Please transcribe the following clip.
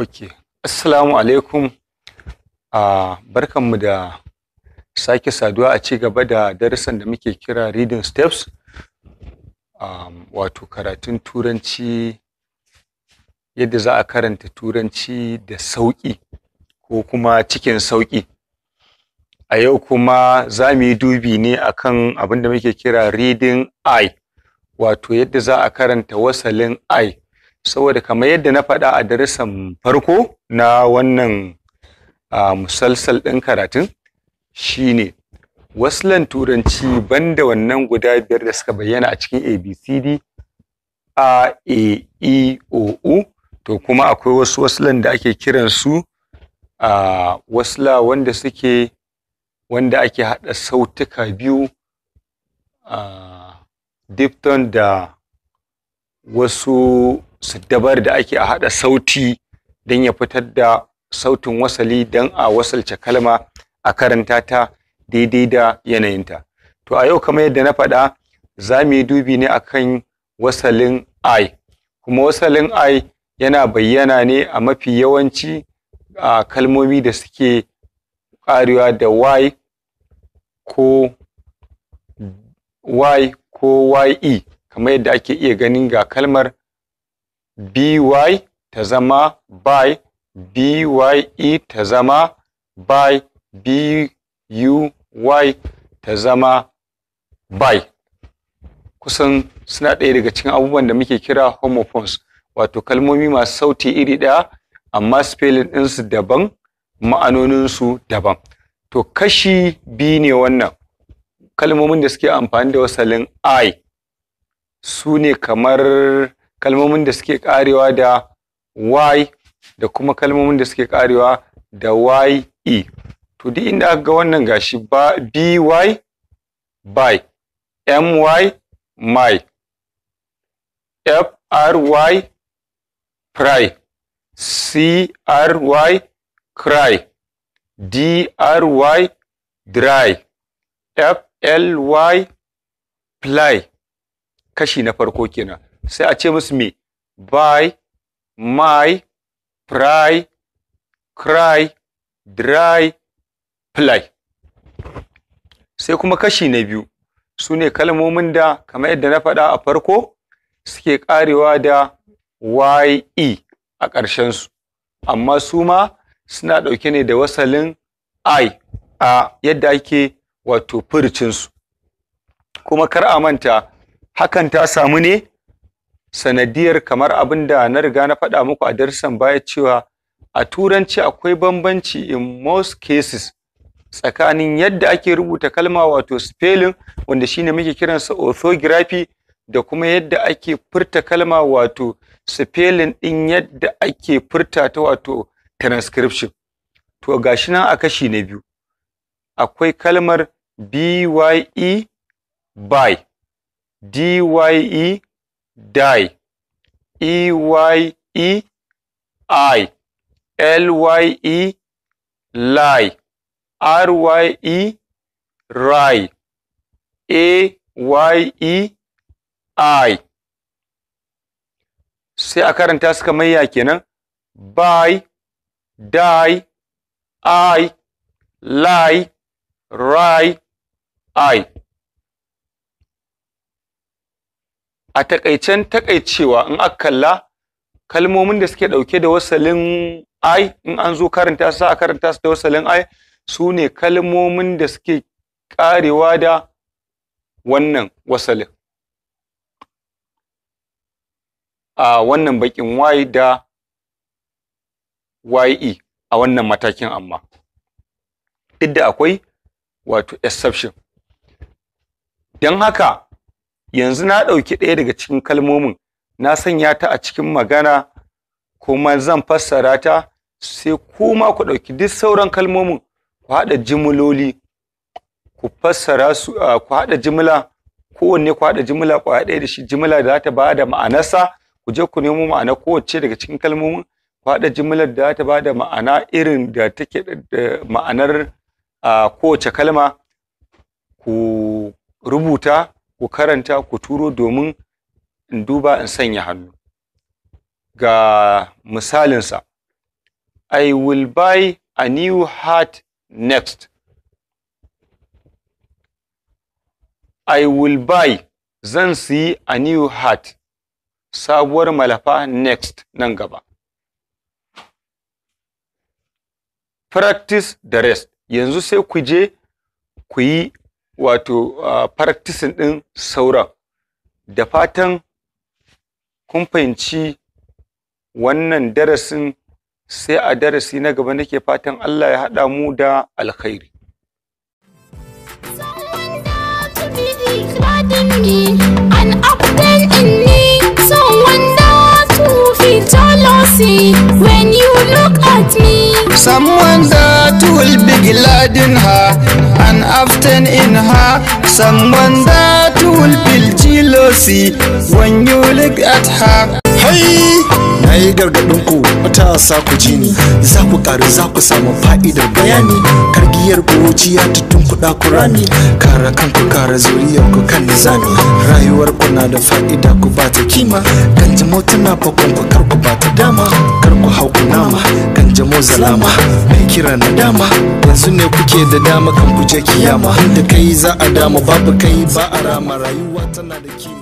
Ok, Assalamu alaikum. Uh, Barkanmu da sake saduwa a ci gaba da darussan da muke kira Reading Steps, um, wato karatun Turanci yadda za a karanta Turanci da sauƙi ko kuma cikin sauƙi. A yau kuma za mu yi dubi ne akan abin da muke kira Reading I, wato yadda za a karanta wasalin I. saboda kamar yadda na faɗa a darasan farko na wannan musalsal ɗin karatun shine waslan turanci banda wannan guda biyar da suka bayyana a cikin abcd a e o u to kuma akwai wasu waslan da ake kiran su a wasla wanda suke wanda ake haɗa sautuka biyu a da wasu siddabar da ake a haɗa sauti don ya fitar da sautin wasali don a wasalce kalma a karanta ta daidai da yanayinta. To a yau kamar yadda na faɗa za mu yi dubi ne akan wasalin I, kuma wasalin I yana bayyana ne a mafi yawanci a kalmomi da suke ƙarewa da Y ko Y ko YE, kamar yadda ake iya ganin ga kalmar by ta zama by, bye ta zama by, buy ta zama by. Kusan suna ɗaya daga cikin abubuwan da muke kira homophones, wato kalmomi masu sauti iri ɗaya, amma spelling ɗinsu daban, ma'anoninsu daban. To kashi biyu ne wannan, kalmomin da suke amfani da wasalin I, su ne kamar kalmomin da suke karewa da y da kuma kalmomin da suke karewa da Y/E. to duk inda aka ga wannan gashi by by my my fry fry cry cry dry dry fly fly kashi na farko kenan sai a ce musu me buy my pry cry dry fly sai kuma kashi na biyu su ne kalmomin da kamar yadda na faɗa a farko suke ƙarewa da ye a ƙarshen su, amma su ma suna ɗauke ne da wasalin i a yadda ake wato furicinsu kuma kar a manta hakan ta samu ne sanadiyar kamar abin da na riga na faɗa muku a darsan baya cewa a turanci akwai bambanci in most cases tsakanin yadda ake rubuta kalma wato spelling wanda shine muke kiransa orthography da kuma yadda ake furta kalma wato spelling ɗin yadda ake furta ta wato transcription to ga shi nan a kashi na biyu akwai kalmar e by dye die e y e i l y e lie r y e rye a y e i sai a karanta su kamar ya kenan buy die i lie rye i a takaicen takaicewa in aka kalla kalmomin da suke dauke da wasalin ai in an zo karanta su a karanta su da wasalin ai su ne kalmomin da suke karewa da wannan wasalin a wannan bakin y da ye a wannan matakin amma duk da akwai wato exception don haka yanzu na ɗauki ɗaya daga cikin kalmomin na sanya ta a cikin magana kuma zan fassara ta sai kuma ku ɗauki duk sauran kalmomin ku haɗa jimloli ku fassara su ku haɗa jimla kowanne ku haɗa jimla ku ɗaya da shi jimla da za ta ba da ma'anarsa ku je ku nemo ma'ana kowace daga cikin kalmomin ku haɗa jimlar da ta ba da ma'ana irin da take da ma'anar kowace kalma ku rubuta ku karanta ku turo domin in duba in sanya hannu ga misalinsa I will buy a new hat next. I will buy zan siyi a new hat sabuwar malafa next nan gaba. Practice the rest yanzu sai ku je ku yi wato practicing ɗin sauran da fatan kun fahimci wannan darasin sai a darasi na gaba nake fatan Allah ya haɗa mu da alkhairi me when you look at me Someone that will be glad in her and often in her. Someone that will feel jealousy when you look at her. Hey! Na yi gargaɗinku matasa ku ji ni, za ku ƙaru za ku samu fa'idar bayani, kargiyar ya ta tunkuɗa ku rani, kara kanku kara zuriyar ku kan nizami, rayuwar ku na da fa'ida ku ba kima, ganjamau tana fakon ku kar ku ba dama, kar ku hau ku kanjamo zalama mai kira na dama yanzu ne kuke da dama kan guje kiyama da kai za a dama babu kai ba a rama rayuwa tana da kima